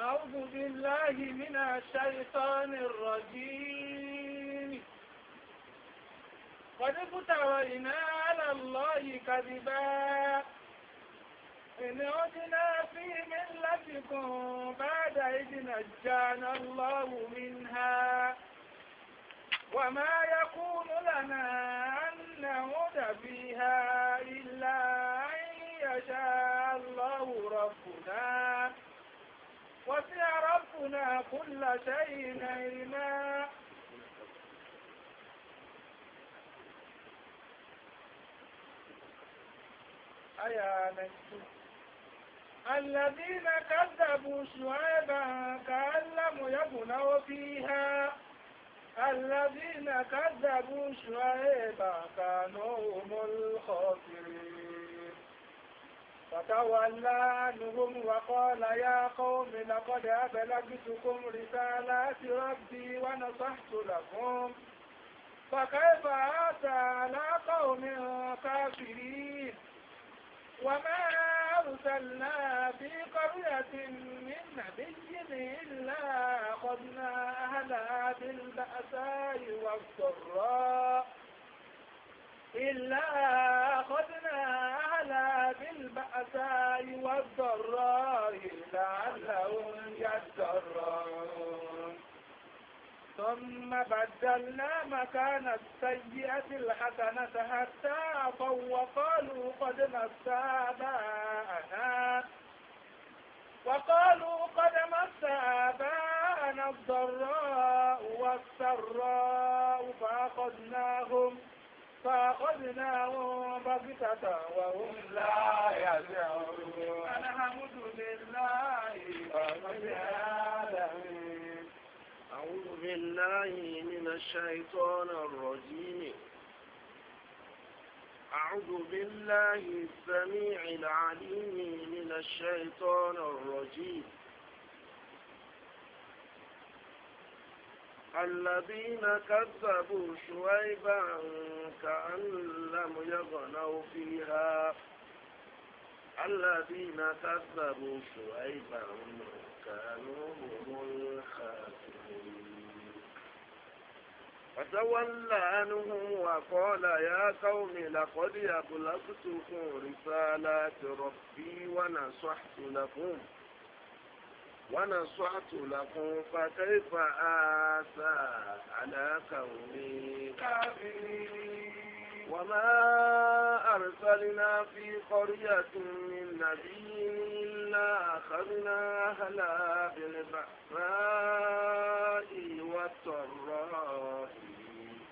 أعوذ بالله من الشيطان الرجيم قد افترينا على الله كذبا إن عدنا في ملتكم بعد إذ نجانا الله منها وما يكون لنا أن نعود فيها إلا أن يشاء الله ربنا وسع ربنا كل شيء علما أيا نجد الذين كذبوا شعيبا كأن لم يبنوا فيها الذين كذبوا شعيبا كانوا هم الخاسرين فتولى عنهم وقال يا قوم لقد أبلغتكم رسالات ربي ونصحت لكم فكيف أتى على قوم كافرين وما أرسلنا في قرية من نبي إلا أخذنا أهلها بالبأساء والضراء إلا البأساء والضراء لعلهم يتضرعون ثم بدلنا مكان السيئة الحسنة حتى عفوا وقالوا قد مس آباءنا وقالوا قد مس آباءنا الضراء والسراء فأخذناهم فأخذناهم بغتة وهم لا يشعرون الحمد لله رب العالمين أعوذ بالله من الشيطان الرجيم أعوذ بالله السميع العليم من الشيطان الرجيم الذين كذبوا شعيبا كأن لم يغنوا فيها الذين كذبوا شعيبا كانوا هم فتولى عنهم وقال يا قوم لقد أبلغتكم رسالات ربي ونصحت لكم ونصحت لكم فكيف آسى على كوني كافرين وما أرسلنا في قرية من نبي إلا أخذنا أهلا بالبأساء والضراء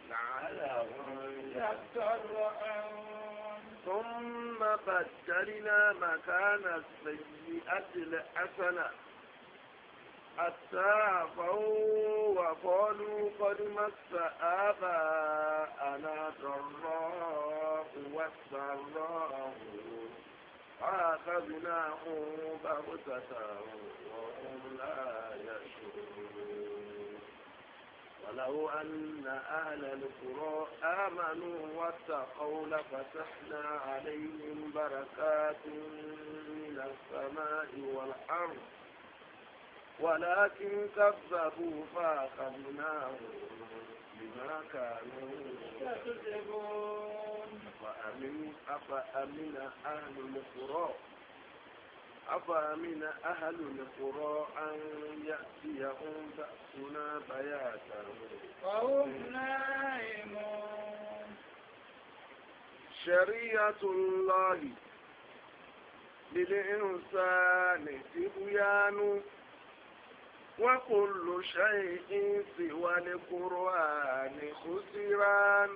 لعلهم يضرعون ثم بدلنا مكان السيئة الحسنة أسافوا وقالوا قد مس آباءنا ضراء والسراء فأخذناهم بغتة وهم لا يشعرون ولو أن أهل القرى آمنوا واتقوا لفتحنا عليهم بركات من السماء والأرض ولكن كذبوا فأخذناهم بما كانوا يكذبون أفأمن أفأمن أهل القرى أفأمن أهل القرى أن يأتيهم بأسنا بياتا وهم نائمون شريعة الله للإنسان تبيان وكل شيء سوى القرآن خسران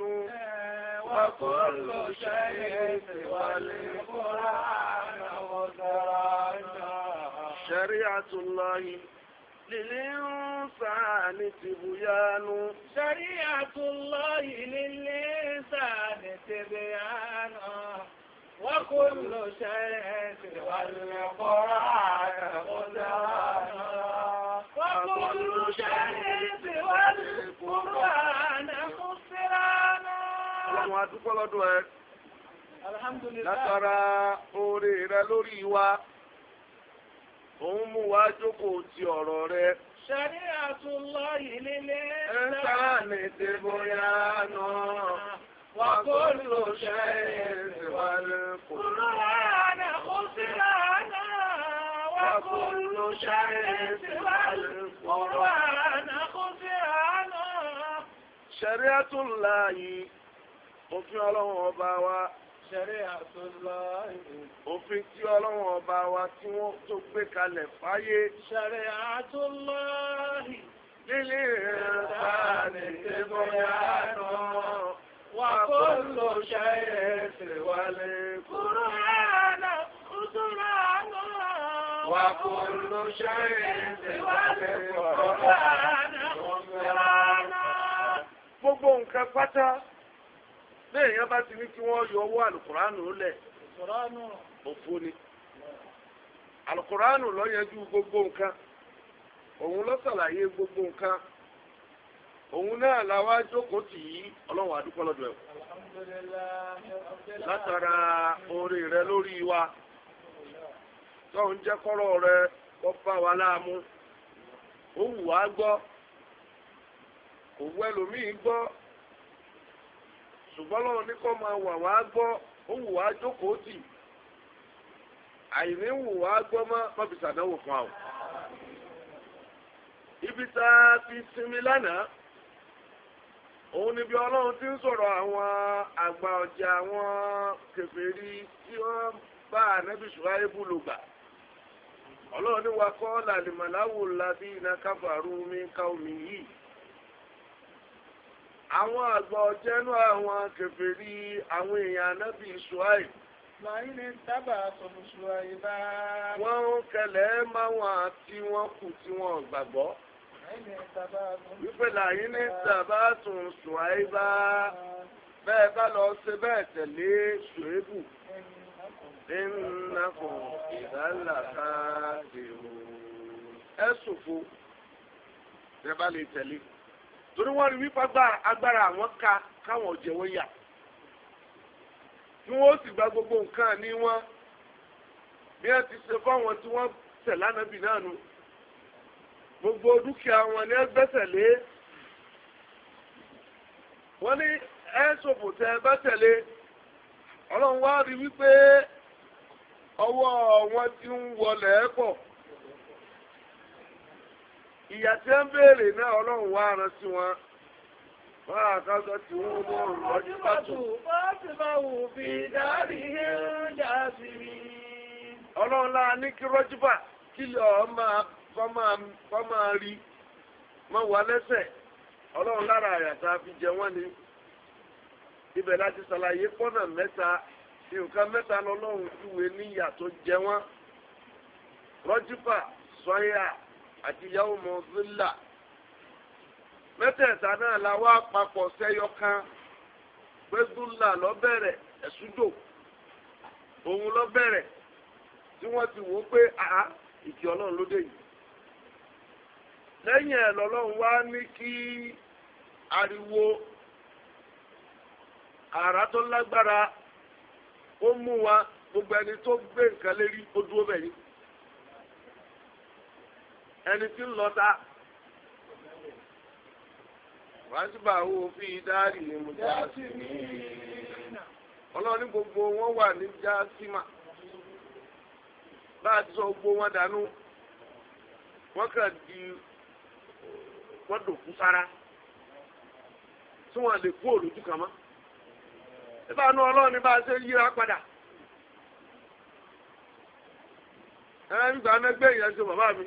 وكل شيء سوى القرآن خسران شريعة الله للإنسان تبيان شريعة الله للإنسان تبيان وكل شيء سوى القرآن خسران كل شيء والقرآن خسرانا Ọlọ́run adúpọ̀ lọ́dọ̀ ẹ. Látara oore rẹ lórí wa, òun mú wa jókòó ti ọ̀rọ̀ rẹ. Ṣẹ́rí àtúnlọ ìlélẹ́. Ẹ ń sára lè ṣe bóyá náà. Wà kó lò ṣe é ṣe wà lè kó. Kúrò àná kó sí àná. Wà kó lò ṣe é ṣe wà lè kó àwọn ọmọ ṣẹ̀ríàtúláyì òfin ọlọ́run ọba wa ṣẹ̀ríàtúláyì òfin tí ọlọ́run ọba wa tí wọ́n tó gbé kalẹ̀ fáyé ṣẹ̀ríàtúláyì lílé ìrìnàfààní tí mo yá nà wà kó lò ṣe é wálé kúrò àná kúrò. كل شيء gbogbo nǹkan pátá léèyàn bá ti ní kí wọ́n yọ owó alukuraanu lẹ̀ òfo ni alukuraanu ló yanjú gbogbo nǹkan òun ló ṣàlàyé gbogbo nǹkan òun náà làwa jókòó tì í ọlọ́run àdúpọ̀ lọ́dọ̀ ẹ̀ látara oore rẹ lórí wa. tó ń jẹ́ kọ́rọ̀ rẹ bá wa láàmú ó wù wá gbọ́ kò wù ẹlòmíì gbọ́ ṣùgbọ́n lọ́wọ́ ní wà wá gbọ́ ó wù wá jókòó tì àìní wù wá gbọ́ mọ́ fún àwọn. ibi tá a ti sinmi lánàá òun ni ọlọ́run ti ń sọ̀rọ̀ àwọn àgbà ọ̀jà àwọn tí wọ́n bá ọlọ́run ní wa kọ́ làlìmọ̀láwò lábí iná káfàrú mi ká omi yìí àwọn àgbà ọ̀jẹ́nú àwọn kèfèrí àwọn èèyàn anábì ṣùáì màá ní dábà sọ̀rọ̀ ṣùáì bá. wọ́n ń kẹlẹ̀ máwọn tí wọ́n kù tí wọ́n gbàgbọ́ wípé làyín ní dábà sọ̀rọ̀ ṣùáì bá bẹ́ẹ̀ bá lọ ṣe bẹ́ẹ̀ tẹ̀lé ṣùébù ìnákùn ìdálàkà èrò ẹ̀sùnfò rẹ̀ bá lè tẹ̀lé torí wọ́n rí wípé agbára àwọn ká káwọn jẹ́wọ́ yà kí wọ́n sì gba gbogbo nǹkan ní wọn bí wọ́n ti ṣe fáwọn tí wọ́n tẹ̀ lánàbì náà nu gbogbo dúkìá wọn ni ẹ gbẹ́sẹ̀ lé wọ́n ní ẹ̀sùnfò tẹ̀ ẹ bá tẹ̀lé ọlọ́run wá rí wípé. ọwọ́ wọn ti ń wọlé pọ̀ ìyà tí ń bèèrè náà ọlọ́run wá sí wọn wọ́n àkàtọ tí wọn mú ọrùn lọ́jọ́ pàtó. bá wù fi dárí sí mi. ọlọ́run láà ní kí rọ́júbà kílẹ̀ ọ̀ máa kọ́ máa rí lẹ́sẹ̀ ọlọ́run lára nǹkan mẹ́ta lọ́lọ́run júwe níyà tó jẹ wọ́n rọ́júpà sọ́yà àti yahoo mọ́sílà mẹ́tẹ̀ẹ̀ta náà la wá papọ̀ sẹ́yọ kan gbẹ́dúlà lọ́bẹ̀rẹ̀ ẹ̀sùdò òun lọ́bẹ̀rẹ̀ tí wọ́n ti wò ó pé àá ìkì ọlọ́run ló dé yìí lẹ́yìn ẹ̀ lọ́lọ́run wá ní kí ariwo àrà tó lágbára. ó mú wa gbogbo ẹni tó gbé nǹkan lérí ó dúró bẹ̀ ni ẹni tí ń lọ ta wàásùbà wo fi dáàrí ní mo já sí mi ọlọ́run ní gbogbo wọn wà ní já símà bá a ti sọ gbogbo wọn dànù wọ́n kàn di wọ́n dòkú sára tí wọ́n lè kú òlójú kan ìbánu ọlọ́run ni bá a ṣe yíra padà. ẹ̀rọ nígbà mẹ́gbẹ́ ìyá ṣe bàbá mi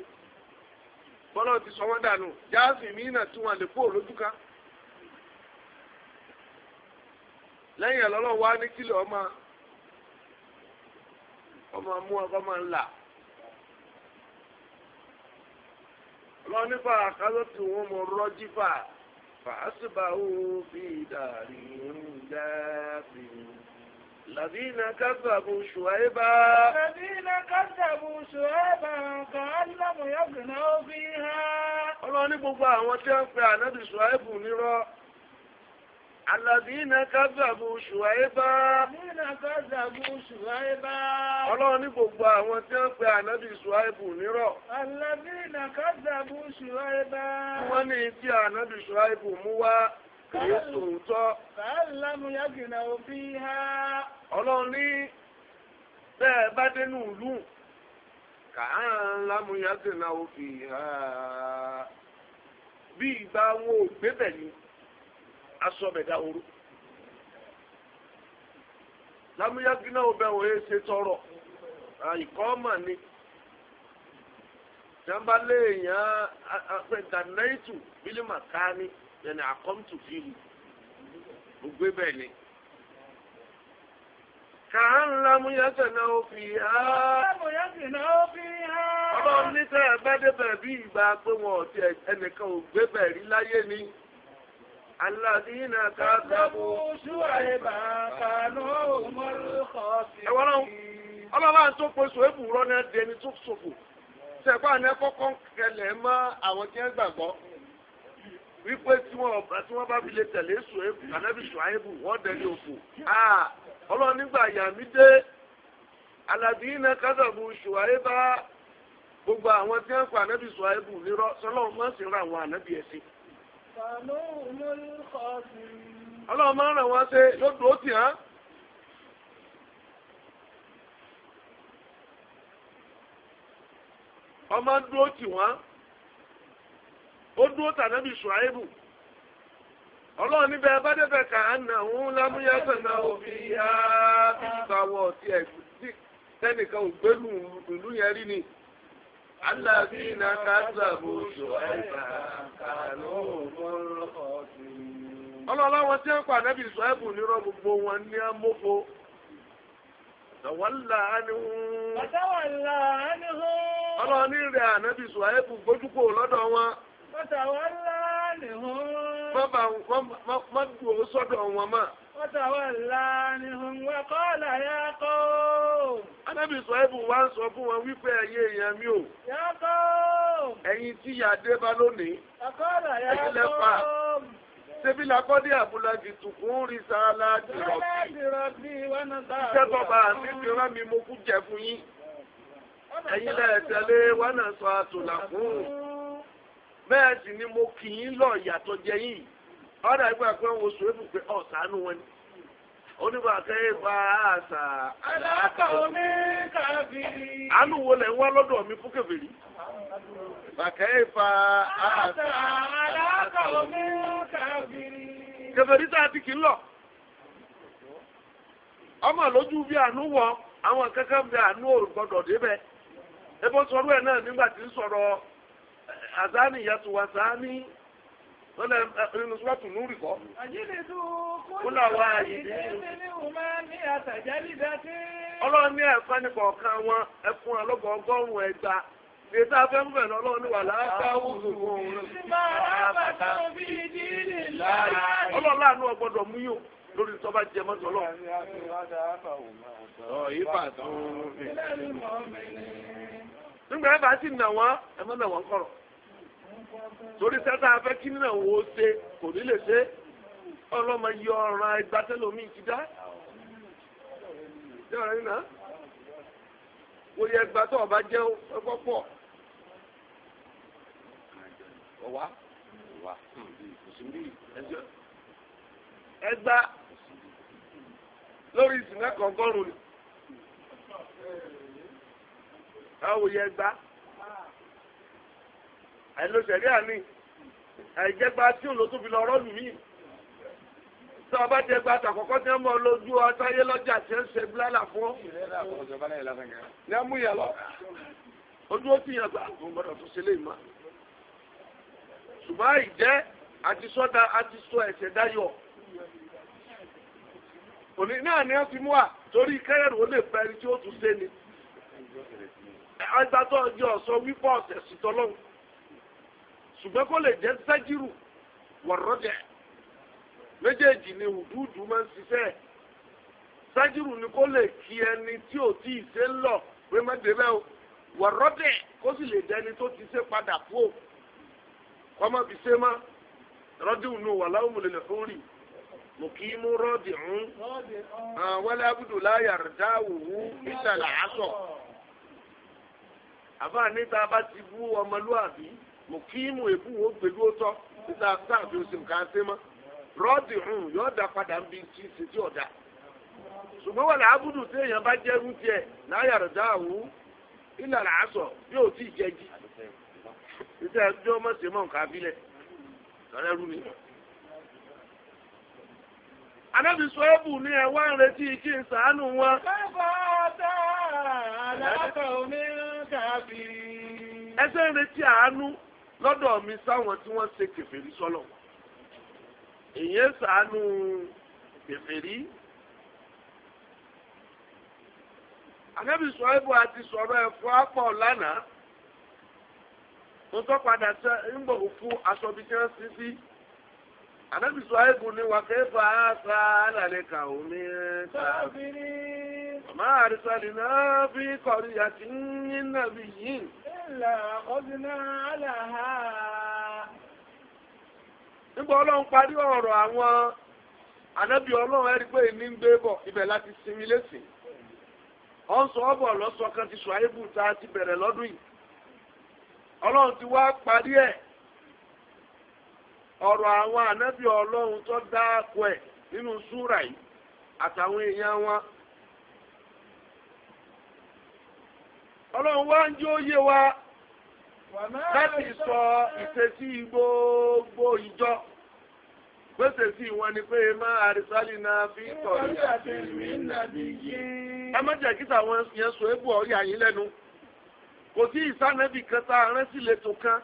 bọ́lá ti sọ wọ́n dànù jáàsì mí náà tí wọ́n lè kó lójú ká. lẹ́yìn ẹ̀lọ́lọ́ wa ní kílẹ̀ ọmọ ọmọ mú ọkọ máa ń là. فأصبحوا في دارهم جاثمين الذين كذبوا شعيبا الذين كذبوا شعيبا كأن لم يغنوا فيها. ọlọ́run ní gbogbo àwọn tí wọ́n ń pe Àlàdínà kábàbù ṣùwáyébá. Àlàdínà kábàbù ṣùwáyébá. Ọlọ́run ní gbogbo àwọn tí wọ́n pe ànábì ṣùwáyébù nírọ̀. Àlàdínà kábàbù ṣùwáyébá. Wọ́n ní tí ànábì ṣùwáyébù mú wá kìí sòótọ́. Kàálàmù yàgìnà òfin ha. Ọlọ́run ní bẹ́ẹ̀ bá dénú ìlú. Kàálàmù yàgìnà òfin ha. Bí ìgbà wọn ò gbébẹ̀ asọ̀mẹ̀dá ooru lámúyágínà ọbẹ̀ wọ́n yé ṣe tọrọ ìkọ́mà ni jàmbá léèyàn àpẹ̀dànáìtù bílímà káni yẹnì àkọ́mtù fíìmù gbogbo bẹ́ẹ̀ ni. kàn lámúyásẹ̀ náà ó fi há. lámúyásẹ̀ náà ó fi há. ọlọ́run ní sẹ́yìn bá débẹ̀ bí ìgbà pé wọn ò tiẹ̀ ẹnìkan ò gbé bẹ̀ rí láyé ni. Àlàdínà kàtàbù ṣúwàìbà kànú mọ́lúkọ̀ọ́sì. Ẹ̀wọ̀n náà, ọlọ́lá tó pe ṣòwébù rọ́nà dẹni tó ṣòfò. Ṣẹ̀gbá ni ẹ kọ́kọ́ kẹlẹ̀ mọ́ àwọn tí wọ́n gbàgbọ́. Wípé tí wọ́n bá fi lè tẹ̀lé ṣòwébù, ànábì ṣòwébù, wọ́n dẹni òfò. Ọlọ́run nígbà yàmí dé. Àlàdínà kàtàbù ṣòwàìbà gbogbo àwọn tí wọ́n pa ànábì ṣòwébù nírọ́ sọlọ́run mọ́ sí ra àwọn ànábì ẹ̀sìn ọlọ́run máa ń ràn wọ́n ṣe yóò dúró tì hàn. ọmọ ń dúró tì wọ́n ó dúró tànábì ṣùáìbù ọlọ́run níbẹ̀ bá débẹ̀ kà á nà ń lámúyásẹ̀ náà òfin yá ìgbàwọ̀ tí ẹ̀ tẹ́nìkan ò ìlú yẹn rí ni. الذين كذبوا شعيبا كانوا هم الخاسرين ọlọ́láwọ́ tí ń pa ànábì ṣọ́ẹ́bù nírọ̀ gbogbo wọn ní amófo tọ̀wọ́lá ánihún. tọ̀wọ́lá ánihún. ọlọ́ọ̀ni rẹ̀ ànábì wọn. tọ̀wọ́lá ánihún. má gbòó sọ́dọ̀ wọn mọ́. tọ̀wọ́lá ánihún Anábì Ṣuaibu wá ń sọ fún wọn wípé ẹ̀yin èèyàn mi ò. Ẹ̀yin tí ìyà dé bá lónìí. Ẹ̀yin lẹ́fà. Ṣébí lakọ́dé àbúlájì tùkún rí sáálá dìrọ̀bì. Iṣẹ́ tọba àti ìfìrán mi mo kú jẹ fún yín. Ẹ̀yin lẹ́ẹ̀ tẹ̀lé wánà sọ àtòlà fún. Bẹ́ẹ̀ sì ni mo kì í lọ ìyàtọ̀ jẹ yìí. Ọ̀dà ìgbà pé wọ́n wo Ṣuaibu pé ọ̀sánú wọn ni onígbà kẹ́hìnfà àṣà. aláàkà omi kàfìrí. àánú wo lẹ̀ ń wá lọ́dọ̀ mi fún kẹfìrí. bàkẹ́hìnfà àṣà. aláàkà omi kàfìrí. kẹfìrí tá a ti kì í lọ. ọmọ lójú bí àánú wọ àwọn kankan bí àánú ò gbọdọ̀ débẹ̀. ebo sọ̀rọ̀ ẹ̀ náà nígbà tí ń sọ̀rọ̀ àzáni yàtúwàsáni lọ́lẹ̀ nínú sọ́ọ̀tù lórí kọ́. àjílẹ̀dù kúlọ̀ wá ìdí ní ẹ̀fọ́ ní kọ̀ọ̀kan wọn ẹ̀fún alọ́gbọ̀n ọgọ́rùn-ún ẹgbà ní tá fẹ́ mú bẹ̀rẹ̀ ọlọ́run wà láàbá wùdù wọn. ọlọ́run ọgbọ́dọ̀ mú yóò lórí tó bá jẹ nígbà yẹn bá sì nà wọ́n ẹ nà wọ́n kọ̀rọ̀ torí sẹ́tà afẹ́ kí nínú àwọn ò ṣe kò ní lè ṣe ọlọ́mọ yọ ọ̀ràn ìgbàsẹ́lómi ti dá jẹ́ ọ̀rẹ́ nínú kò yẹ ẹgbà tó ọba jẹ́ ẹgbọ́ pọ̀ ọ̀wá ẹgbà lórí ìsìnkà kọ̀ọ̀gọ́rùn-ún ni àwọn òye ẹgbà ẹ̀lò ṣẹ̀rí àmì àìjẹgba tí òun ló tún fi lọ rọ́ọ̀lù mí tí ọba jẹ gba àtàkọ́kọ́ tí wọ́n mọ lójú ọtáyé lọ́jà tí ń ṣe bílálà fún. ní a mú ìyá lọ ojú ó ti yàn bá òun gbọdọ̀ tún ṣe léyìn mọ́. ṣùgbọ́n àìjẹ́ àti sọ́dà àti sọ ẹ̀sẹ̀ dáyọ̀ òní náà ni wọ́n ti mú wa torí kẹ́rẹ́rù ó lè fẹ́ ẹni tí ó tún ṣe ni. ẹgbẹ́ tó ọjọ́ sọ wípọ̀ ọ̀sẹ̀ sí tọ́lọ́hùn ṣùgbọ́n kó lè jẹ́ sájírù wọ̀rọ̀dẹ̀ méjèèjì ni hùdúùdù máa ń ṣiṣẹ́ sájírù ni kó lè kí ẹni tí ò tí ì ṣe ń lọ pé má débẹ́ o wọ̀rọ̀dẹ̀ kó sì lè dẹni tó ti ṣe padà kú o kọ́mọ fi ṣe má rọ́díù nù wà láwùmù lè lè fún rì mùkímù rọ́dì ń wọlé abudu láyà rẹ̀dá òwú ìtàlà àtọ̀ níta bá ti bú ọmọlúwàbí. mukimu èbú wo pẹ̀lú ọtọ́ títà sáàbì oṣù nǹkan ṣe mọ́ rọ́ọ̀dì hùn yóò dá padà ń bi tí ṣe tí ọ̀dà ṣùgbọ́n wà láàbùdù tí èèyàn bá jẹ́ irú tiẹ̀ láyà rẹ̀ dá àwù ilà làásọ̀ yóò tí ì jẹ́jì títà bí wọ́n mọ̀ nǹkan abílẹ̀ lọ́rẹ́ rú ni. anábì sọ́ọ́bù ní ẹ wá ń retí kí n sàánù wọn. àlàkà omi ń ẹsẹ̀ ń retí àánú lọ́dọ̀ mi sáwọn tí wọ́n ṣe kèfèrí sọ́lọ̀ èyí sàánú kèfèrí. ànábì a àti sọ̀rọ̀ ẹ̀fọ́ apọ̀ lánàá mo tọ́ padà sẹ́ ń bọ̀ fún aṣọ bí tí wọ́n ti sí ànábì sọ́ọ́bù ni wà kẹfà àṣà àlàlẹ́ kà omi ẹ̀ta màmá àrísàlì náà fi kọ̀rí àti yín nàbí yìí. إلا nígbà ọlọ́run parí ọ̀rọ̀ àwọn ànábì ọlọ́run ẹ̀rí pé ń gbé bọ̀ ibẹ̀ láti sinmi ọ sọ kan ti sọ ayébù tá ti bẹ̀rẹ̀ lọ́dún yìí ti wá parí ẹ̀ ọ̀rọ̀ àwọn ànábì ọlọ́run tó dáa ẹ̀ nínú súrà yìí àtàwọn èèyàn ọlọ́run wá ń jó yé wa láti sọ ìṣesí gbogbo ìjọ gbèsè sí wọn ni pé máa àrísálì náà fi tọ̀rí àti ìmí nàbí yìí. ẹ má jẹ́ kí tàwọn yẹn sọ ébù ọ̀rí àyín lẹ́nu kò sí ìsánẹ́bì kan tá a rán sí ìletò kan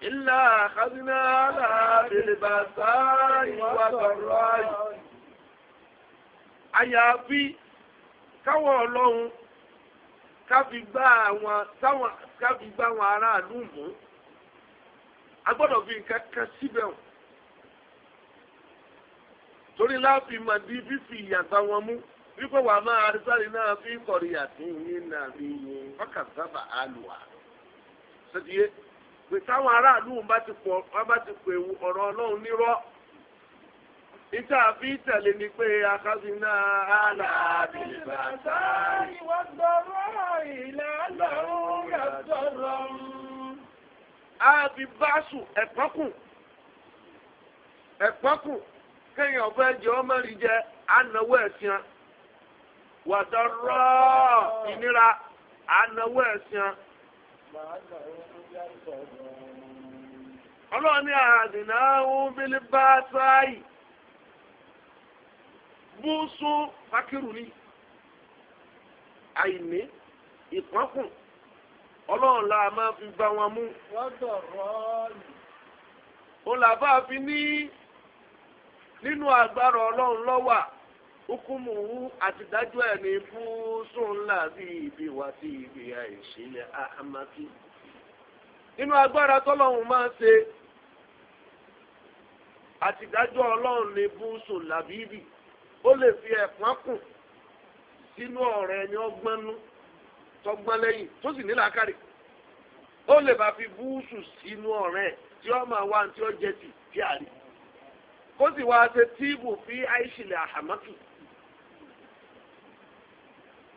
ilà àkàdínà àlàbèlèbàtà ìwà tọ̀rọ̀ àyè. àyàfi káwọn ọlọ́run. káfi fi gbá àwọn aráàlú mú a gbọ́dọ̀ fi nǹkan kan síbẹ̀ wọn torí láàfin di fífi ìyàtọ̀ wọn mú wípé wàá máa arísáré náà fi kọ̀rí àtìyìn náà fi yin ọkà sábà sọdíye pé táwọn aráàlú bá ti pè ọ̀rọ̀ ọlọ́run Ìta fi tẹ̀lé ni pé akásí náà á là bìlì bàtà. Ìwà gbọ́rọ̀ ìlà lọ́rùn rẹ̀ sọ̀rọ̀. A fi báṣù ẹ̀pọ́kùn. Ẹ̀pọ́kùn kéèyàn fẹ́ jẹ ọmọ rí jẹ ànáwó ẹ̀sìn. Wàtọ́rọ́ ìnira ànáwó ẹ̀sìn. Ọlọ́run ní àdìnnà ń bílí bá sáyì bóso fakiru ni àìní ìpọ́nkùn ọlọ́run la máa fi gba wọn mú. wọ́n dọ̀rọ̀ ọ̀lù. òun làbá fi ní nínú agbára ọlọ́run lọ́wà hukumu àtidájọ́ ẹ̀ ní búùsùn ńlá bí ibi wà sí ibi àìsílẹ̀ àhámákì. nínú agbára tọ́lọ́run máa ń ṣe àtidájọ́ ọlọ́run ní búùsùn làbíbì. o lè fi ẹ̀fọn kù sínú ọ̀rọ̀ ẹni ọgbọ́nú tọgbọ́n lẹ́yìn tó sì ní làákàrè ó lè bá fi búùsù sínú ọ̀rẹ́ ẹ̀ tí ó máa wá tí ó jẹ tì kí kó sì wá ṣe fi àìṣìlẹ̀ àhámọ́tù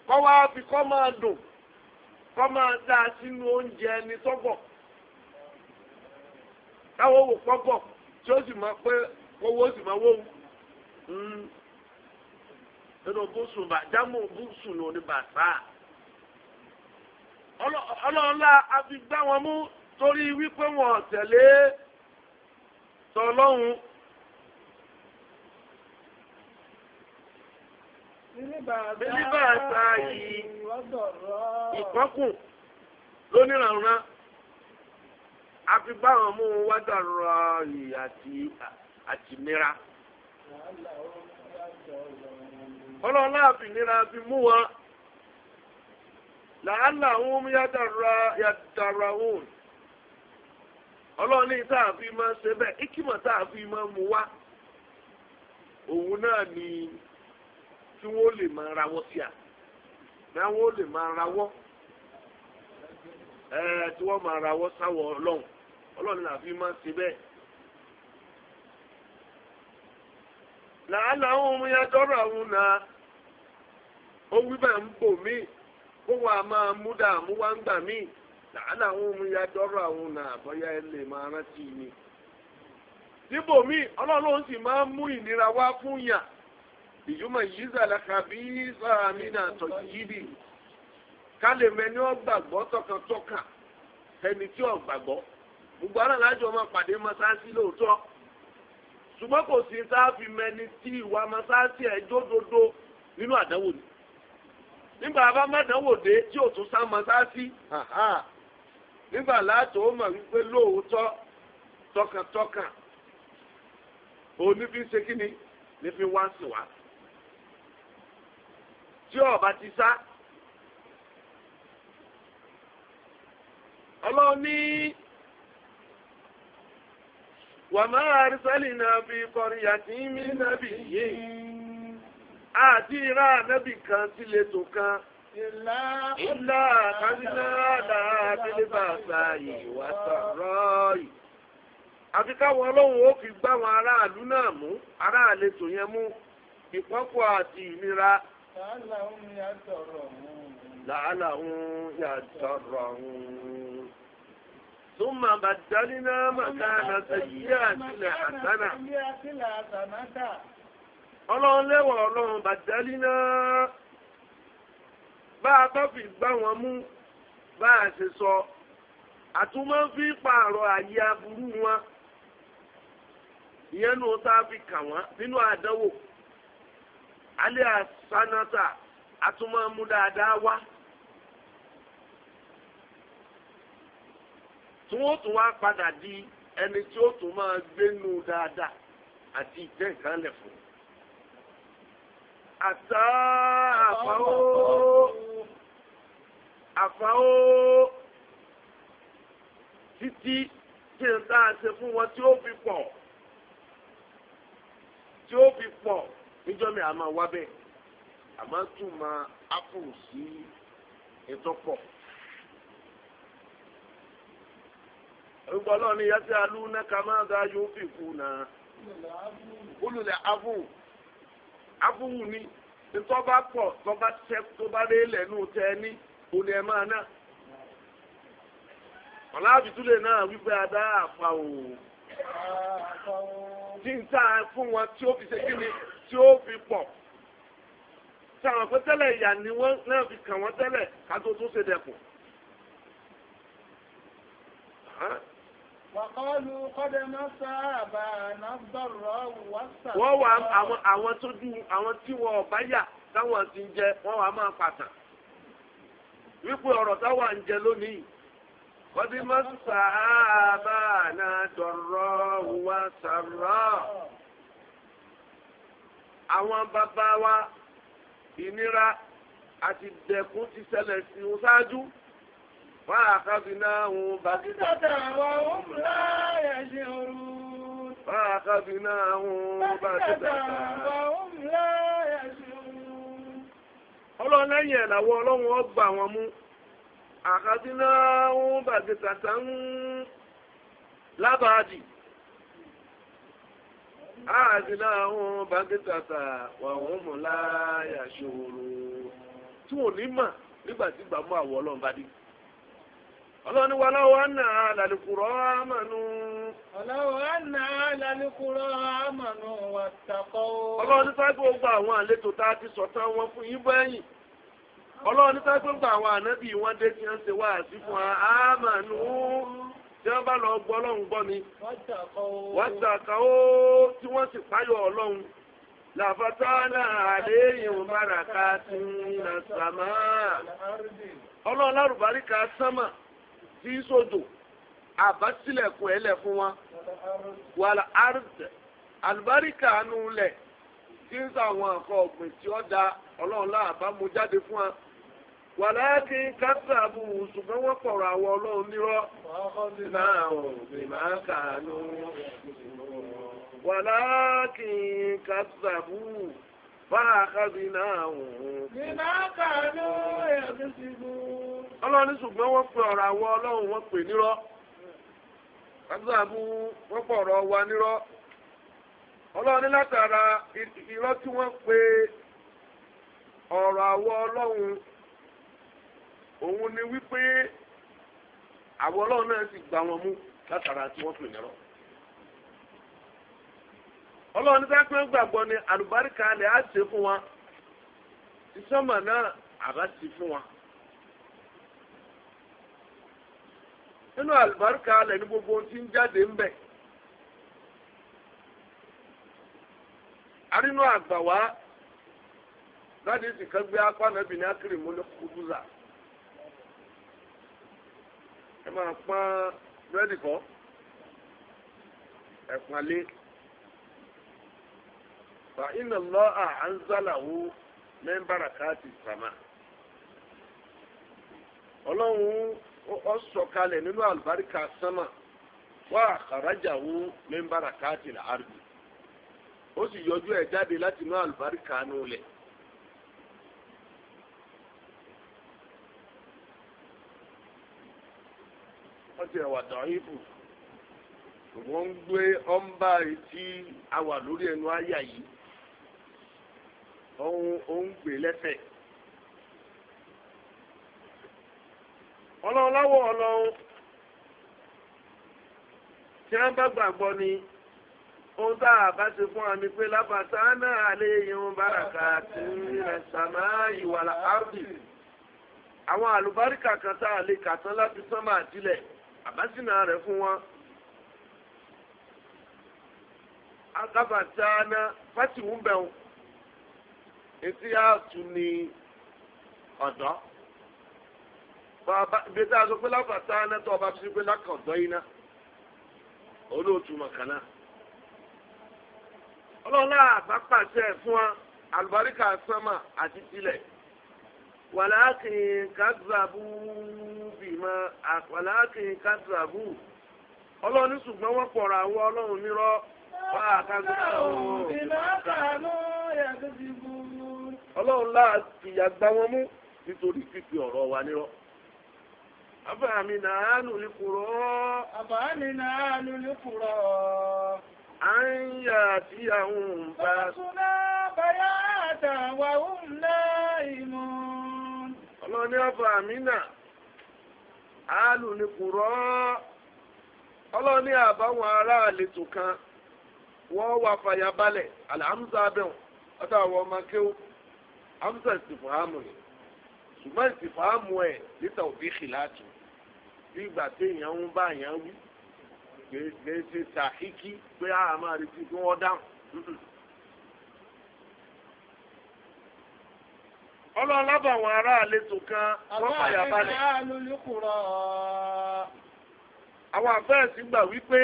kọ́ wá fi kọ́ máa dùn kọ́ máa dá sínú oúnjẹ ẹni tọ́gbọ̀ táwọn wò pọ́gbọ̀ tí ó sì máa pé nínú gúúsù bá jámù gúúsù ló ní bàtà ọlọ́ọ̀la afigbá wọn mú torí wípé wọn tẹ̀lé tọlọ́hún. bílíbà ta yìí ìkọ́kùn lónìrànran afigbá wọn mú wádà rọ yìí àti àtìmíra. ọlọ́run láàfin nira fi mú wa làálà òun yàtàràwùn ọlọ́run ní tá a fi máa ṣe bẹ́ẹ̀ ikímọ̀ tá máa mú wa òun náà ni tí wọ́n lè máa rawọ́ sí a náà wọ́n lè máa rawọ́ ẹ̀ẹ́d tí wọ́n máa rawọ́ sáwọ́ ọlọ́run máa ṣe bẹ́ẹ̀. làálàá ohun ya dọ́rọ̀ àwọn na ó wí bẹ́ẹ̀ ń bò mí kó wà máa mú dààmú wá ń gbà mí làálàá ohun ya dọ́rọ̀ àwọn náà bóyá ẹ lè máa rántí mi. síbò mí ọlọ́run sì máa ń mú ìnira wá fún yàn ìjùmọ̀ yìí zàlàkà ka le tọ̀jú yìí bì ká lè mẹ́ni ó gbàgbọ́ ẹni tí ó gbogbo aráàlú máa pàdé ṣùgbọ́n kò sí sáàfì mẹni tí ìwà masáàsì ẹ̀ jódodo nínú àdánwò ni nígbà bá mẹ́dánwò dé tí ò tún sá masáàsì nígbà láàtò ó mọ̀ wípé lóòótọ́ tọkàntọkàn òní fi ń ṣe kí ni ní fi wá sí wa tí ọba ti sá ọlọ́ọ̀ni. wàmá àrísẹ́lìnà fi kọrin àti mí nàbì yìí àti ìrá nábì kan tó kan ìlà kásínà àdáàbílẹ̀bà sáàyè wà sọ̀rọ̀ yìí. àfi káwọn ọlọ́run ó fi gbá wọn aráàlú náà mú aráàlẹ̀ tó yẹn mú ìpọ́pọ̀ àti ìnira. ثم بدلنا مكان سيئاتنا حسنة ọlọ́run lẹ́wọ̀ ọlọ́run bàjálí náà bá a bá fi gbá wọn mú bá a ṣe sọ àtúmọ̀ fi pààrọ̀ àyè aburú wọn ìyẹn nù tá a fi kà wọ́n nínú àdánwò alẹ́ àsánátà àtúmọ̀ mú dáadáa wá. tí wọ́n tún wá padà di ẹni tí ó tún máa gbénu dáadáa àti ìjẹ́ nǹkan lẹ̀ fún un. àtà àfáwó àfáwó títí tí n tá a ṣe fún wọn tí ó fi pọ̀ tí ó fi pọ̀ níjọ́ mi àmọ́ wá bẹ́ẹ̀ àmọ́ tún máa ápù sí ètò orúkọ ọlọ́run yẹn ti alú nẹ́ka máa da yóò fi kú náà olùlẹ̀ abùn abùn ni tọ́ba pọ̀ tọ́ba tẹ tọ́ba dé lẹ́nu tẹ ní òní ẹ̀ máa náà ọ̀la àbítúlẹ̀ náà wípé adá àpá o tí n ta fún wọn tí ó fi ṣe kí ni tí ó fi pọ̀ sàwọn pé tẹ́lẹ̀ ìyà ni wọ́n náà fi kàn wọ́n tẹ́lẹ̀ ká tó tó ṣe dẹ̀kùn. Wàkọ́lù kọ́dẹ mọ́sá àbá nàbọ̀rọ̀ wọ́sà. Wọ́n wà àwọn àwọn tó dùn àwọn tí wọ́n ọ̀bá yà táwọn ti ń jẹ wọ́n wà máa pàtàn. Wípé ọ̀rọ̀ táwọn ń jẹ lónìí. Kọ́dí mọ́sá àbá nàbọ̀rọ̀ wọ́sàrọ̀. Àwọn bàbá wa ìnira àti dẹ̀kun ti ṣẹlẹ̀ sí ṣáájú wọ́n àkàbínáhùn bàtítàtà àwọn ohun láàyè ṣe òru. wọ́n àkàbínáhùn bàtítàtà àwọn ohun láàyè ṣe òru. ọlọ́run lẹ́yìn ẹ̀ làwọn ọlọ́run ó gbà wọn mú àkàbínáhùn bàtítàtà ń lábàádì. àdínáhùn bàtítàtà wà wọ́n mú láàyè ṣe tí wọ́n ní mà nígbà tí gbàmú àwọn ọlọ́run bá dé. ọlọ́ni wa láwọ́ àná àlàlùkùrọ̀ àmànú. ọ̀làwọ̀ àná àlàlùkùrọ̀ àmànú ọlọ́ni fẹ́ gbogbo àwọn àlejò tá a ti sọ̀tàn wọn fún yín bẹ́yìn. ọlọ́ni fẹ́ gbogbo àwọn ànábì wọn dé tí wọ́n ṣe wá sí fún wa àmànú tí wọ́n bá lọ gbọ́ ọlọ́run gbọ́ mi. wọ́n tàkọ́ ó tí wọ́n sì páyọ̀ ọlọ́run. làfàtánà àléyìn bàràkà tí ń nà sàmà. ọlọ́run lárùbáríkà sámà. tí í sòjò àbásílẹ̀kùn ẹ̀lẹ̀ fún wọn wàlà àrùd àlùbáríkà nù lẹ̀ tí ń sàwọn nǹkan ọ̀gbìn tí ó da ọlọ́run láàbá mu jáde fún wa wàlá kí kásá bù ṣùgbọ́n wọ́n pọ̀rọ̀ àwọn ọlọ́run nírọ́ náà ò sì máa kàánú wàlá kí kásá bù bá a kábi náà ò. bí máa kàánú ẹ̀sìn ti bù ọlọ́run ṣùgbọ́n wọ́n pe ọ̀rọ̀ àwọn ọlọ́run wọ́n pè nírọ́ àbúrò wọ́n pọ̀ ọ̀rọ̀ wa nírọ́ ọlọ́run látara irọ́ tí wọ́n pe ọ̀rọ̀ àwọn ọlọ́run òun ni wípé àwọn ọlọ́run náà sì gbà wọn mú látara tí wọ́n pè nírọ́ ọlọ́run ní sápẹ́ gbàgbọ́ ni àlùbáríkà lè á ṣe fún wa ìsọ́mọ̀ náà àbá ṣe fún wa. nínú àlùbáríkà alẹ̀ ní gbogbo ohun tí ń jáde ń bẹ̀. arínú àgbà wá láti ìsìnkán gbé apánàbì ní akérè mú lọ́kùnkùnzà ẹ máa pọ́n búrẹ́dì kọ́ ẹ̀pọ̀n lé fa iná sàmà ọ sọ̀kalẹ̀ nínú àlùbáríkà sánmà wà àkàràjàwó mẹ́ńbàrà káàtìlà àrùbí ó sì yọjú ẹ̀ jáde láti inú àlùbáríkà nù lẹ̀. wọ́n ti ẹ̀wà dọ̀ọ́yìnbù wọ́n ń gbé ọ́nbà tí a wà lórí ẹnu àyà yìí ó ń gbé lẹ́sẹ̀. ọlọ́run láwọ̀ ọlọ́run tí wọ́n bá gbàgbọ́ ni ohun tá a bá ṣe fún wa pé lábàtà náà alẹ́ tí ń rẹ̀ sàmá ìwàlà áàbì àwọn àlùbáríkà kan tá a lè kà tán láti sánmà àdílẹ̀ rẹ̀ fún wọn. akábàtà náà fásitì ń bẹ̀rù ọ̀dọ́. bí tá a sọ pé láfàtà náà tó ọba fi pé lákàndọ́ iná olóòtú màkànnà ọlọ́lá àbápàṣẹ fún wa àlùbáríkà sánmà àti tilẹ̀ wàláàkìn kádùràbù bìmọ̀ wàláàkìn kádùràbù ọlọ́ọ̀ni ṣùgbọ́n wọ́n pọ̀rọ̀ àwọn ọlọ́run nírọ́ bá a kájú ọ̀hún. ọlọ́run láà fìyà wọn mú nítorí fífi ọ̀rọ̀ wa nírọ́. أفأمن أهل القرى أفأمن أهل القرى أن يأتيهم بأسنا بياتا وهم نائمون الله ni أفأمن أهل القرى ọlọ́run ní àbáwọn aráàlú tó kan wọ́n wá fàyàbalẹ̀ alhamza abẹ́wọ̀n ọ̀tá àwọn ọmọ akéwò hamza ìsìnfàámù ni ṣùgbọ́n ìsìnfàámù ẹ̀ níta òbí xìláàtù bí ìgbà téèyàn ń bá èèyàn wí kìí ṣe tàhíkí pé a máa retí kí wọ́n dáhùn. ọlọ́run lábọ̀ àwọn ará àlejò kan wọ́n fàyà balẹ̀. àwọn àfẹ́ẹ̀sì gbà wípé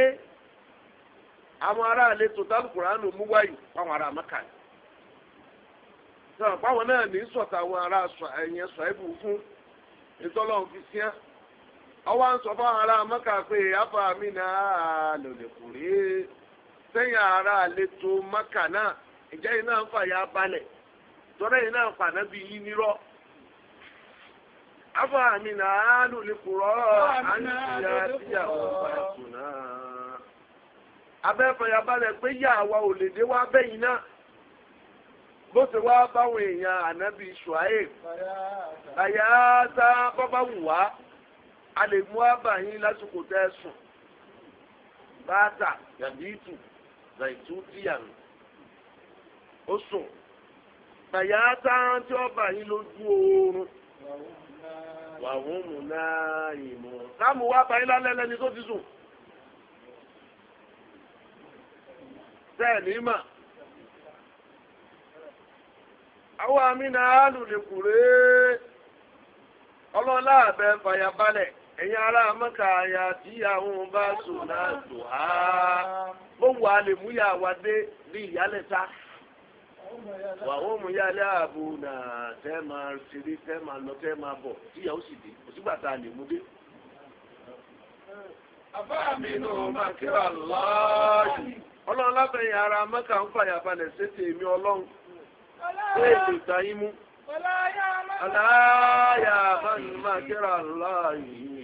àwọn ará àlejò tálùkùránù mú wáyù fáwọn ará mẹ́kà ni. sọ̀rọ̀ fáwọn náà ní sọ̀tà àwọn ará ẹ̀yẹn sọ̀ẹ́bù fún ìtọ́lọ́run fi ọwọ́ ń sọ fún ará mọ́kà pé afọ mi náà lòlẹ̀ kù rí sẹ́yìn ará àlejò mọ́kà náà ìjẹ́ iná ń fàyà balẹ̀ tọ́lẹ̀ iná ń fà bí yí nírọ́. àbá mi náà lòlẹ̀ kù rọ́ àǹtí náà. abẹ́ fàyà balẹ̀ pé wá bẹ́yìn náà bó wá báwọn èèyàn ànábì àyà wá. a lè mú àbà yín lásìkò tẹ́ ẹ sùn báàtà yàbíìtù zàìtú tíyàrá ó sùn bàyà tárántí ọba yín lójú oorun wàhùn mú náà ìmọ̀ sáàmù wá bá yín lálẹ́ lẹ́ni tó ti sùn sẹ́ẹ̀ni mà àwọn àmì náà lù ọlọ́lá àbẹ fàyàbalẹ̀. ẹ̀yin ara maka aya tí àwọn bá sùn náà tò á bó wà á mú ya wá dé bí wà ó mú yálẹ̀ ààbò náà tẹ́ máa ṣeré tẹ́ máa lọ tẹ́ máa bọ̀ tíyàwó sì dé òsígbà tá a lè mú dé. àbá mi ọlọ́run ara ń fàyà balẹ̀ sétí èmi ọlọ́run tó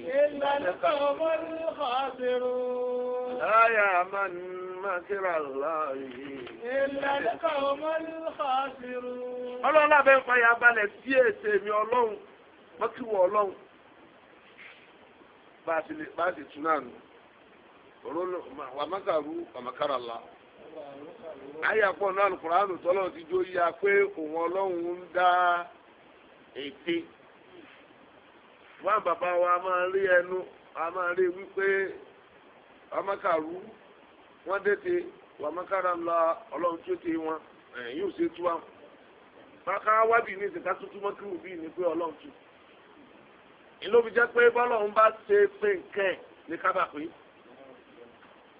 إلا القوم الخاسرون لا مكر الله إلا القوم الخاسرون ọlọ́run lábẹ́ ń fàyà balẹ̀ sí ètè mi ọlọ́run mọ́kíwọ̀ ọlọ́run bá a ti tún náà nù wà mákàrú wà mákàrà ayàpọ̀ náà Kùránì tọ́lọ́run ti jó yá pé òun ọlọ́run ń dá ète wọn bàbá wa a máa rí ẹnu a máa rí wípé amákàrú wọn dẹ́tẹ̀ wàmákàrà ńlá ọlọ́run tí ó ti wọn ẹ̀yìn ò ṣe tú wa bàkà wábì ní ìsìnká tuntun mọ́kìrù bíi ní pé ọlọ́run tù ìlú fi jẹ́ pé bọ́lọ́run bá ṣe pé nǹkan ẹ̀ ní kábà pé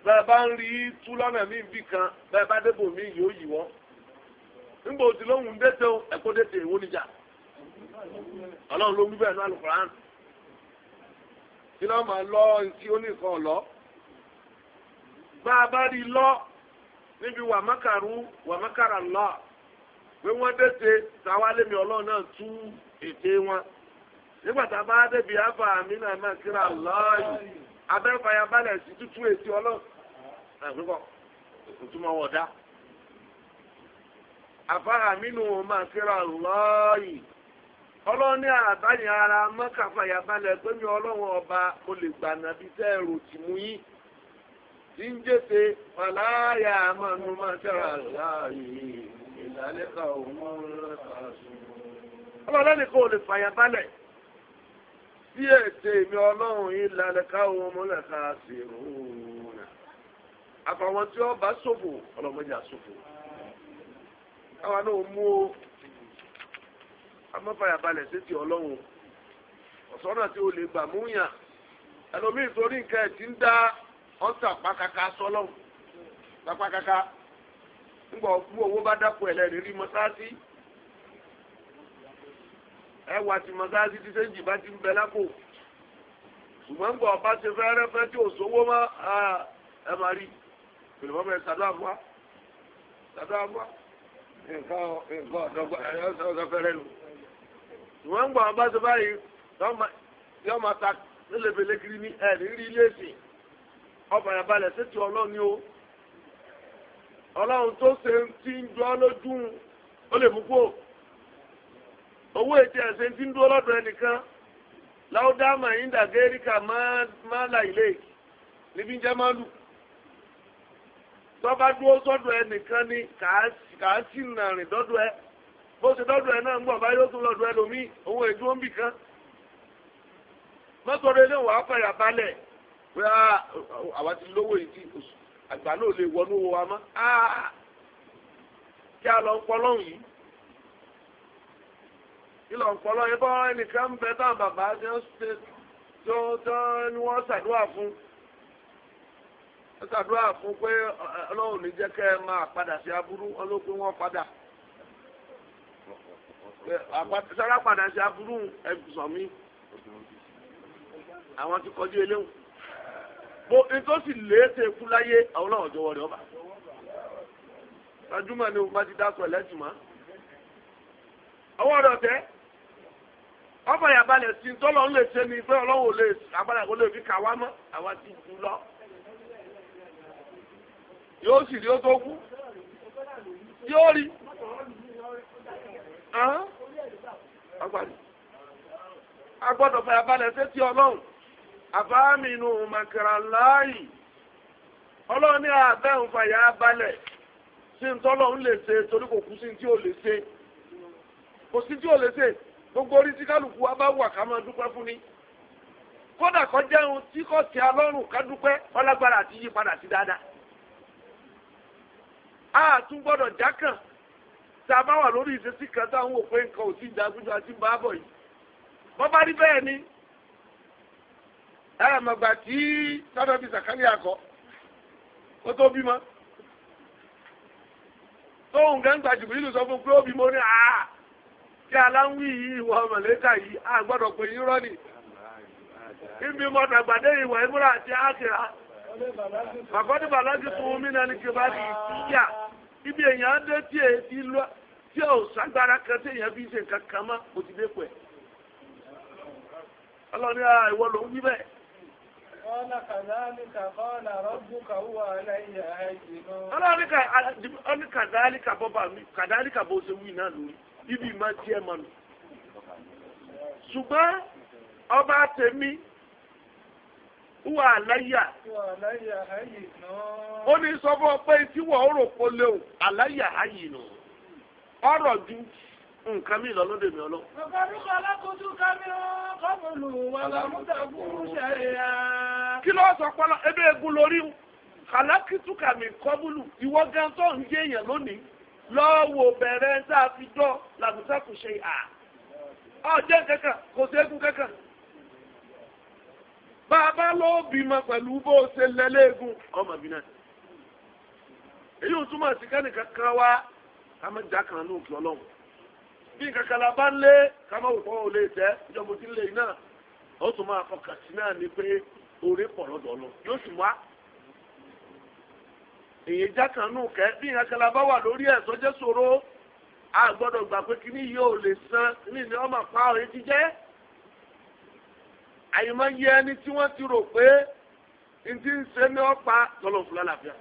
bẹ́ẹ̀ bá ń rí tú lọ́nà míì bì kan bẹ́ẹ̀ bá débò míì yóò yìí wọ́n nígbà òtí lóhùn dẹ́tẹ̀ ẹ̀kọ́ dẹ́tẹ̀ ìwọ́nìjà ọlọ́run ló wí bẹ́ẹ̀ ní alùpùpù kí ló máa lọ tí ó ní nǹkan lọ bá a bá rí lọ níbi wàmákàrú wàmákàrà lọ pé wọ́n dẹ́tẹ̀ táwa lémi ọlọ́run náà tú ète wọn nígbà tá a bá débi afa amina makira lọ́ọ̀yì abẹ́fàyàbalẹ̀ sí tútú ètí ọlọ́run àgbẹ̀kọ̀ òtúmọ̀ wọ̀dá afa aminu makira lọ́ọ̀yì ọlọ́run ní àràbáyìn ara mọ́kàfàyà balẹ̀ pé mi ọlọ́run ọba mo lè gbà nàbí tẹ́ ẹ̀rù tì mú yín tí ń jèsè fàlàyà àmọ́nu máa tẹ̀ra láàyè ìdálẹ́kà òun rẹ̀ ọlọ́run ní kò lè fàyà balẹ̀ sí ètè mi ọlọ́run yìí lálẹ́kà òun mọ́lẹ́kà sí òun àfàwọn tí ọba ṣòfò ọlọ́mọdé àṣòfò káwa náà mú o. amọ́fàyàbalẹ̀ sétí ọlọ́run ọ̀sọ́nà tí o lè gbà múyàn ẹlòmíì torí nǹkan ti ń dá ọ̀tà pàkàkà sọlọ́run pàkàkà ńgbà ọ̀kú owó bá dákú ẹ̀ rí mọ́sáàsì ẹwà tí mọ́sáàsì ti sẹ́ńjì bá ti ń bẹ lápò ṣùgbọ́n ńgbà ọba ṣe tí ò sówó ẹ máa rí nǹkan ìwọ́n ń gbọ́ báyìí yọ ta lélebele kiri ní ẹ̀ rírí ilé ìsìn balẹ̀ ọlọ́run ni ó ọlọ́run tó ṣe ti ń jọ́ lójú ó lè mú kó owó ètò ẹ̀sẹ̀ ti ń dúró lọ́dọ̀ ẹnìkan láwùdáàmà yín là bó ṣe dọ́dọ̀ ẹ̀ náà ń gbọ̀ báyìí ó tún lọ́dọ̀ ẹlòmíì òun èdè ó ń bì kan mọ́tòrò ilé wàá fẹ̀yà balẹ̀ pé àwa ti lówó yìí tí àgbà náà lè wọnú wo wa mọ́ kí a lọ ń pọlọ́hùn yìí kí lọ ń pọlọ́hùn yìí bọ́ ẹnìkan ń bẹ táwọn bàbá tó tó ni wọ́n ṣàdúrà fún ṣàdúrà fún pé ọlọ́run ní jẹ́ kẹ́ ẹ máa padà sí aburú ọlọ́pẹ́ wọn padà. sọ́ra padà ṣe aburú ẹ̀sùn mi àwọn ti kọjú eléwu bó nítòsí léèṣe kú láyé àwọn náà jọ̀wọ́ rẹ ọba gbajúmọ̀ ni o bá ti dákọ ẹlẹ́sìn mọ́ ọwọ́ rẹ ọ̀tẹ́ ọba ìyàbalẹ̀ sí tọ́lọ̀ ń lè ṣe ni pé ọlọ́wọ́ lè agbára kó lè fi kà wá mọ́ àwa ti kú lọ yóò sì rí ó tó kú yóò rí. agbọ́dọ̀ fàyàbalẹ̀ sétí ọlọ́run àbáminu màkàrà ọlọ́run ní àbẹ́hùn fàyàbalẹ̀ sí ntọ́lọ́run lè ṣe torí kò kú sí tí ò lè ṣe kò sí tí ò lè ṣe gbogbo orí tí kálukú wa bá wà ká máa dúpẹ́ fún ni kódà kọ́ jẹun tí kò ká dúpẹ́ a tún gbọ́dọ̀ tá a bá wà lórí ìṣesí kan táwọn òpé nǹkan ò tí ì jagunjú àti ń yìí wọ́n bá rí bẹ́ẹ̀ ni ẹ tí sábẹ́bí kó tó bímọ tóun jùbìlì sọ fún pé ó bímọ ní kí aláwí yìí yìí pé yín rọ́ọ̀nì mọ̀tàgbàdé ìwà ìmúra àti àkìrà bàbá ní fún mi náà ní ibi èèyàn dé tí èyí tí o sagbara kan tí èèyàn fi ń ṣe nǹkan kan mọ́ kò ti dé pẹ̀. ọlọ́ni ara ah, ìwọ ló ń wí bẹ́ẹ̀. ọlọ́ni kàdáálíkà bọ́bà mi kàdáálíkà bó ṣe ibi nù. ṣùgbọ́n ọba tèmi wà láyà. ó ní sọ fún ọ pé tí wọ́n rò nù. ọ̀rọ̀ ju nǹkan mi lọ lóde mi ọlọ. ọ̀kadùnkọ̀ alákòóso kámi kọ́mọlù wàlámúta fún ṣàríyá. kí ló sọ pọ́lọ́ ebe egun lórí kàlákìtù kàmí kọ́bùlù ìwọ gan tó ń jẹ èèyàn lónìí lọ́wọ́ bẹ̀rẹ̀ tá a fi dọ́ làbùtà kò ṣe à. ọ̀jẹ̀ kankan kò sí egun kankan. bàbá ló bímọ pẹ̀lú bó ṣe lẹ́lẹ́gùn ọmọ bí náà. èyí ò túmọ̀ sí kẹ́nìkan kan wá. Kama má já kan ní òkè ọlọ́run bí kankan la bá ń lé ká má wò fọwọ́ olè tẹ́ ìjọba òtí lè náà ó tún máa fọkàn sí náà ni pé oore pọ̀ lọ́dọ̀ lọ yóò sì wá èyí já kan ní òkè bí kankan la bá wà lórí ẹ̀ sọ́jẹ́ ṣòro a gbọ́dọ̀ gbà pé kíní yóò lè san kíní ni wọ́n máa pa ọ̀rẹ́ jíjẹ́ àyùmọ̀ yẹ ẹni tí wọ́n ti rò pé ntí ń ṣe ní ọ̀pá tọ́lọ̀ fúlàlàfíà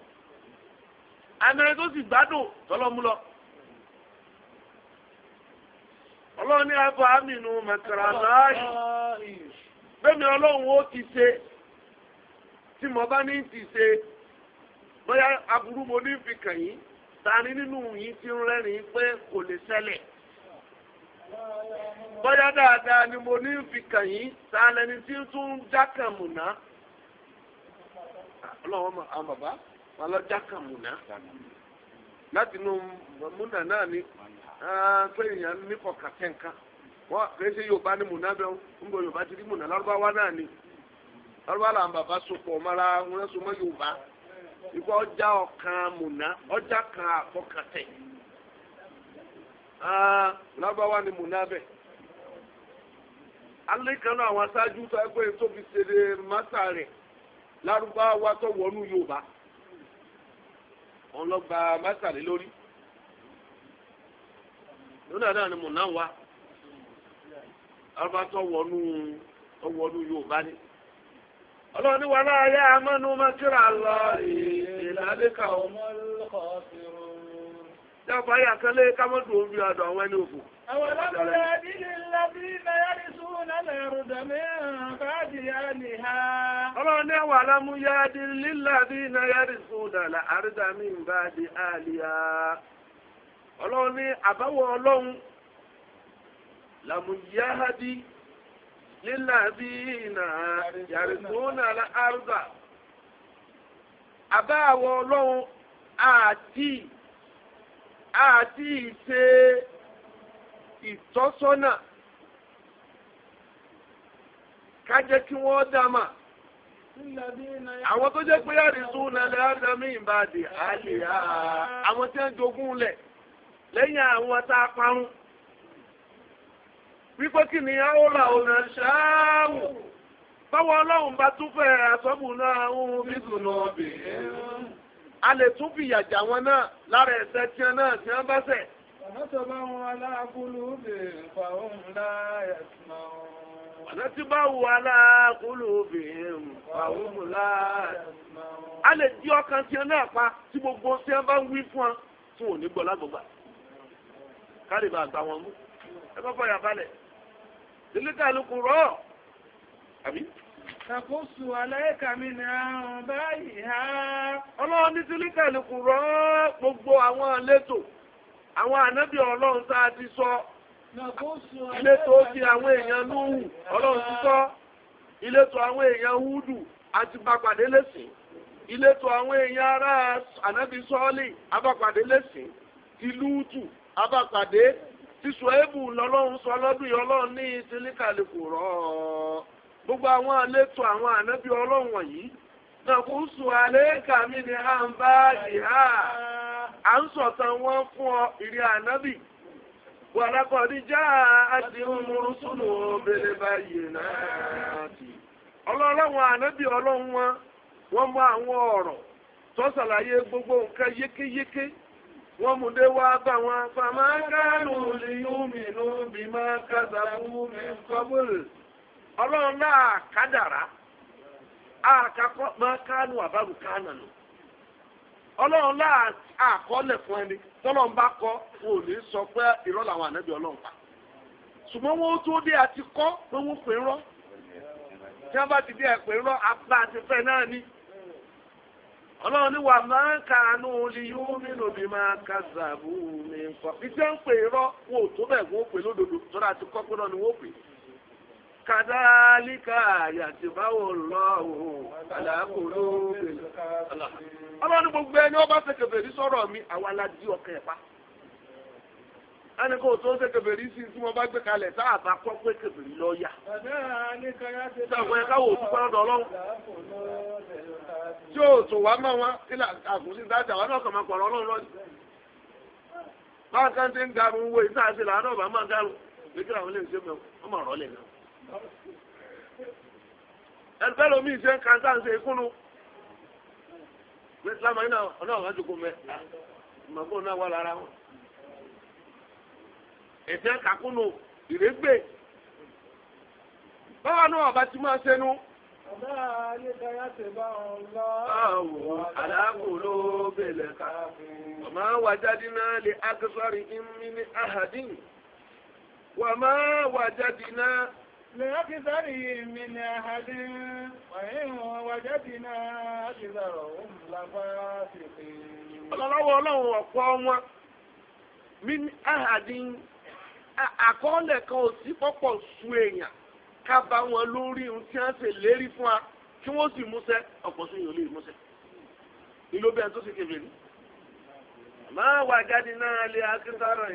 àmì rẹ̀ tó sì gbádùn tọ́lọ̀ mú lọ. ọlọ́run ní abọ́ aminu mẹ̀kàràláàyè bẹ́ẹ̀ni ọlọ́run ó ti ṣe tí mo bá ní ti ṣe bóyá aburú mo ní fi kàn yín tani nínú ti ń rẹ́rìn pé kò lè ṣẹlẹ̀ bóyá dáadáa mo ní fi kàn yín tani ẹni tí ń tún ọlọ́run àwọn bàbá wọn pé èèyàn níkọ̀ kàtẹ́ nǹkan wọ́n kìí ṣe yorùbá ní múná bẹ́ẹ̀ ń bọ yorùbá ti rí múná lárúbáwá náà ni lárúbá làwọn bàbá sopọ̀ mọ́ra wọn so mọ́ yorùbá ikú ah, ni múná bẹ́ẹ̀ alẹ́kànnà àwọn aṣáájú tó ẹgbẹ́ tó fi ṣe mọ́tà rẹ̀ lárúbáwá tó wọnú yorùbá wọn lọ lónà náà mò ń náà wá ọba tó wọnú yorùbá ni. ọlọ́ni wà láàyè amánú mákìrà lọ ìlàlẹ́kà ọmọ dábàá yà kálẹ̀ omi àdó àwọn ẹni òfò. àwọn ọlọ́pàá ìdílé ńlá bí bayani sùn lálẹ́ rúdàmí báàdì àní ha. ọlọ́ni àwọn alámúyá sùn àrídàmí ọlọ́run ní àbáwọ̀ ọlọ́run làmúyáhádì lílàbíìnà yàrìsúnà àrùbà àbáwọ̀ ọlọ́run àti àti ìṣe ìtọ́sọ́nà ká jẹ́ kí wọ́n dá mà àwọn tó jẹ́ pé àrìsúnà lẹ́yìn àdámì ìbàdí àlè àwọn tí wọ́n jogún lẹ̀ lẹ́yìn àwọn tá a parun wípé kí ni a ó ra ọ̀nà ṣááwù báwo ọlọ́run bá tún fẹ́ àsọ́bù náà ń bí dùnà ọbẹ̀ a lè tún fi ìyàjà wọn náà lára ẹ̀ṣẹ̀ tí wọn náà tí wọn bá ṣẹ̀. ọ̀nà tó bá wọn aláàkúlù bè fà òun láyà sí ma wọn. ọ̀nà tí bá wọn aláàkúlù bè fà òun láyà sí ma wọn. a lè di ọkàn tí wọn náà pa tí gbogbo tí wọn bá ń wí fún wọn tí wọn ò ní gbọ́ lágbọ̀gbà kárì bá gbà wọn mú ẹ bá fọyà balẹ̀ tìlítà lukú rọ àbí. Ṣàkóso aláìka mi ní àrùn báyìí ha. Ọlọ́run ní tìlítà lukú rọ gbogbo àwọn àlétò àwọn ànábì ọlọ́run tá a ti sọ. Ṣàkóso aláìka mi ní àrùn báyìí ha. Ìletò ti àwọn èèyàn Núhù ọlọ́run ti sọ. Ìletò àwọn èèyàn Húdù àti bàpàdé lẹ́sìn ìletò àwọn èèyàn ará ànábì sọ́ọ́lì abápadé lẹ́sìn ti lúùtù abápàdé ti Ṣuaibu lọ́lọ́run sọ lọ́dún yìí ọlọ́run ní kò rọ̀ ọ́ gbogbo àwọn àlétò àwọn ọlọ́run wọ̀nyí ni à ń bá à ń sọ̀tàn wọn fún ọ ìrì ànábì já obìnrin báyìí náà ọlọ́run ànábì ọlọ́run wọn wọ́n mú àwọn ọ̀rọ̀ tó ṣàlàyé gbogbo nǹkan yékéyéké. wọ́n mú wọn fàmákánù lè yúmi nù náà kádàrá àkàkọ́ máa ma àbárù abalụ nù náà fún ẹni tọ́lọ́run bá kọ wọn ò ní sọ pé làwọn ànábì pa tó àti pé pè ọlọ́run ní wà máa ń kàánú ní yóò nínú bí máa ka zàbù mi kọ́. iṣẹ́ ń pè irọ́ wọn ò tó bẹ̀ wọ́n pè lódodo tó dáa ti kọ́ pé náà ni wọ́n pè. kàdálíkà yàtìbáwò lọ́wọ́ àlàkùnrin ọlọ́run gbogbo ẹni ọba ṣe kẹfẹ́ ní sọ̀rọ̀ mi àwa la di ọkàn ẹ̀ pa. ẹni kò tó ṣe kẹfẹ́rí sí tí wọ́n bá gbé kalẹ̀ tá a bá kọ́ pé kẹfẹ́rí lọ yà. sàwọn ẹ̀ka wò lọ́dọ̀ ọlọ́run. tí o tò wá mọ́ wọn kí àkùnrin dájà wọn náà kàn máa ti ń garun wo máa garun àwọn wọ́n máa rọ́ọ̀lẹ̀ ẹ̀fẹ́ kakúnnù ìrẹ́gbẹ́ báwa náà ọba ti máa ọba alẹ́ta yá bá wọn lọ. báwo bẹ̀rẹ̀ ká. ọmọ wàjáde náà lè akẹ́sọ́rì ìmí ní ahadin. wàmọ́ wàjáde náà. لأكثرهم من أحد وإن وجدنا أكثرهم لفاسقين. Ọlọ́wọ́ ọ̀pọ̀ ahadin àkọọ́lẹ̀ kan ò sí pọ́pọ̀ su èèyàn ká bá wọn lórí ohun tí wọ́n ṣe lérí fún wa kí wọ́n sì múṣẹ́ ọ̀pọ̀ sí yòó lè múṣẹ́ ìlú bẹ́ẹ̀ tó ṣe kébè ní. máa wà jáde náà lé akíntàrà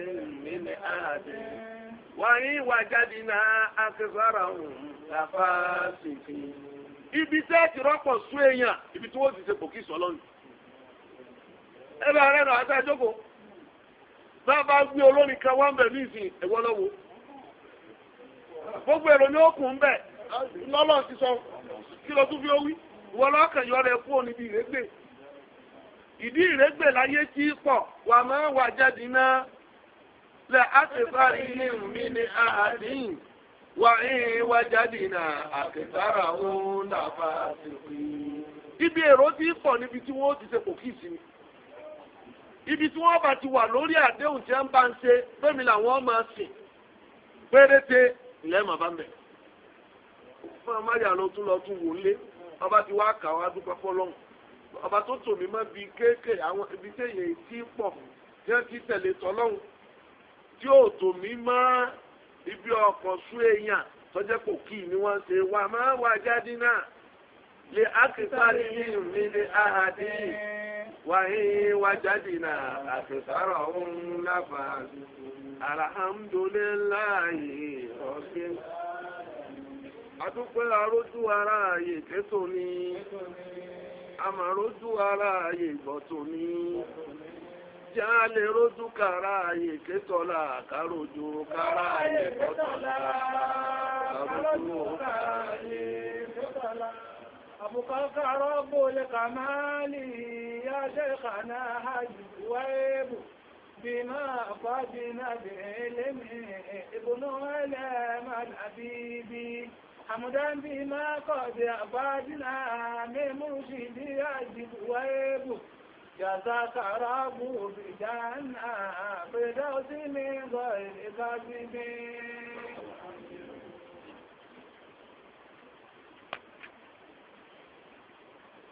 mi ní àdé wàyí wà jáde náà akíntàrà òun làfà ṣèké. ibi tẹ́ ti rọ́pọ̀ su èèyàn ibi tí wọ́n ti ṣe pòkì sọ lọ́nà. ẹ bá rẹ̀ nà bàbá gbé olórin kan wá ẹ̀wọ́ lọ́wọ́ gbogbo èrò ni ó kù ń bẹ̀ lọ́lọ́ ti sọ kí ló tún fi ó wí ìwọ lọ́kàn yọ kúrò níbi ìrégbè ìdí ìrégbè láyé tí pọ̀ wà máa wà jáde náà ní mi ní àádín wà ń wà jáde náà ibi èrò pọ̀ níbi tí wọ́n ti ṣe ibi tí wọ́n bá ti wà lórí àdéhùn tí wọ́n bá ń ṣe fẹ́mi làwọn máa sìn péréte ìlẹ́mọ̀ bá ń bẹ̀. fún amáyà lọ tún lọ tún wò ó lé ọba ti wá kà wá dúpẹ́ fọlọ́hún ọba tó tòmí mọ́ bíi kéèké àwọn ibi tí èyí ti pọ̀ tí wọ́n ti tẹ̀lé tọ́lọ́hún tí ò tòmí mọ́ ibi ọkọ̀ sún èèyàn tọ́jẹ́ kò kí ni wọ́n ṣe wà máa wà jáde náà lè ákìtárì yìí mi lè áhàdì yìí. وإن وجدنا أكثرهم لفاسقين الحمد لله رب adúpẹ́ arójú ara ààyè kétò ni àmàrójú ara ààyè gbọ́tò ni já lè rójú kàrá ààyè kétọ́lá kàrójú ketola ààyè أبقى رب القمال يا شيخنا هج ويب بما فاجنا بعلم ابن علم الحبيبي حمدا بما قد فاجنا من مرشد يجب ويب جزاك رب بجنة بدوس من غير كاذبين